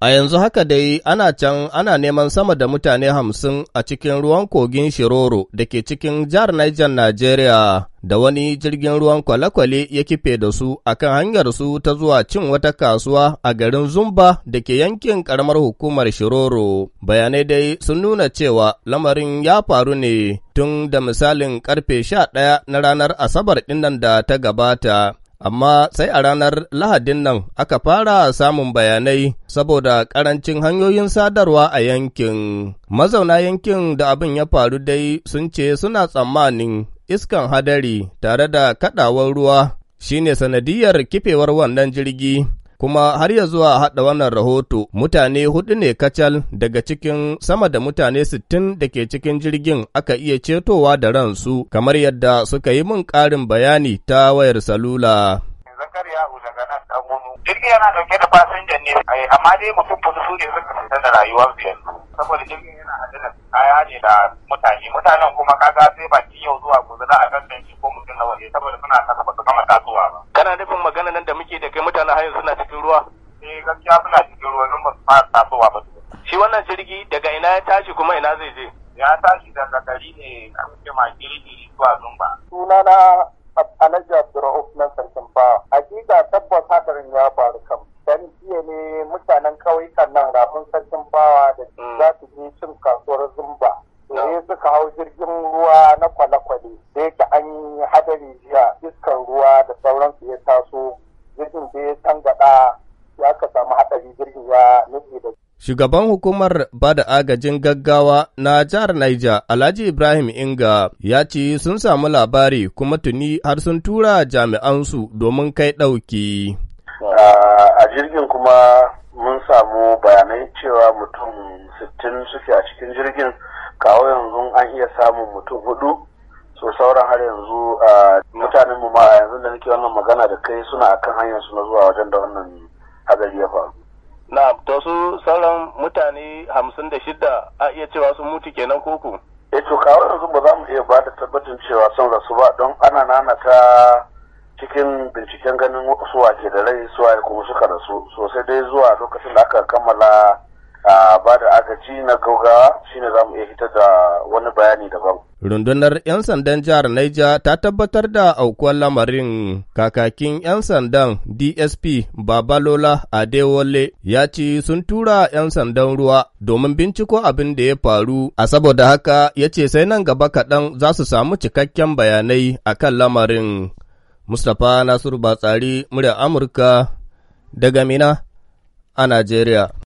A yanzu haka dai ana can ana neman sama da mutane hamsin a cikin ruwan kogin Shiroro da ke cikin jihar Niger Najeriya da wani jirgin ruwan kwale-kwale ya kife da su akan hanyar su ta zuwa cin wata kasuwa a garin Zumba da ke yankin karamar hukumar Shiroro. Bayanai dai sun nuna cewa lamarin ya faru ne tun da misalin karfe ɗaya na ranar Asabar dinnan da ta gabata. amma sai a ranar Lahadin nan aka fara samun bayanai saboda ƙarancin hanyoyin sadarwa a yankin. Mazauna yankin da abin ya faru dai sun ce suna tsammanin iskan hadari tare da kaɗawar ruwa shine sanadiyar kifewar wannan jirgi kuma har ya zuwa haɗa wannan rahoto mutane hudu ne kacal daga cikin sama da mutane sittin da ke cikin jirgin aka iya cetowa da ransu kamar yadda suka yi min ƙarin bayani ta wayar salula. jirgin yana dauke da fasinjan ne amma dai mutum fusu su ne suka fita da rayuwarsu yanzu saboda jirgin yana da kaya ne da mutane mutanen kuma kaga sai bakin yau zuwa gobe za a tantance ko mutum nawa waje saboda suna kasa ba su gama tasowa ba gaskiya suna cikin ruwa ba su fara tasowa ba shi wannan jirgi daga ina ya tashi kuma ina zai je ya tashi daga gari ne a wuce ma girgi zuwa zumba sunana alhaji Abdulrahman nan sarkin ba hakika tabbas hadarin ya faru kam dan jiya ne mutanen kauyukan nan rafin sarkin bawa da hmm. za su je cin kasuwar zumba ne suka hau jirgin ruwa na kwale-kwale da yake an yi hadari jiya iskar ruwa da sauransu ya taso jirgin da ya tangada Shugaban hukumar ba da agajin gaggawa na jihar Niger, Alhaji Ibrahim Inga, ya ce sun samu labari kuma tuni har sun tura jami'ansu domin kai ɗauki. A jirgin kuma mun samu bayanai cewa mutum sittin suke a cikin jirgin, kawo yanzu an iya samun mutum hudu. So sauran har yanzu a mutanenmu ma yanzu da nake wannan magana da kai suna akan hanyar su na zuwa wajen da wannan hadari ya faru. na to su sauran mutane hamsin da shida a iya cewa sun mutu kenan koko e eh, to kawo yanzu ba za mu iya ba da tabbacin cewa sun rasu ba don ana nana ta cikin binciken ganin suwa ke da rai suwa kuma suka rasu sosai dai zuwa lokacin da aka kammala a ba da agaji na gaugawa shine za mu iya fitar da wani bayani daban. Rundunar 'yan sandan jihar Naija ta tabbatar da aukuwar lamarin kakakin 'yan sandan DSP Babalola Adewole ya ce sun tura 'yan sandan ruwa domin binciko abin da ya faru, a saboda haka ya ce sai nan gaba kaɗan za su samu cikakken bayanai a kan lamarin. Mustapha Nasiru Batsari, murya Amurka, daga Mina a Najeriya.